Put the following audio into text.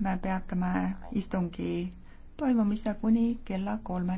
me peatame istungi toimumise kuni kella kolme.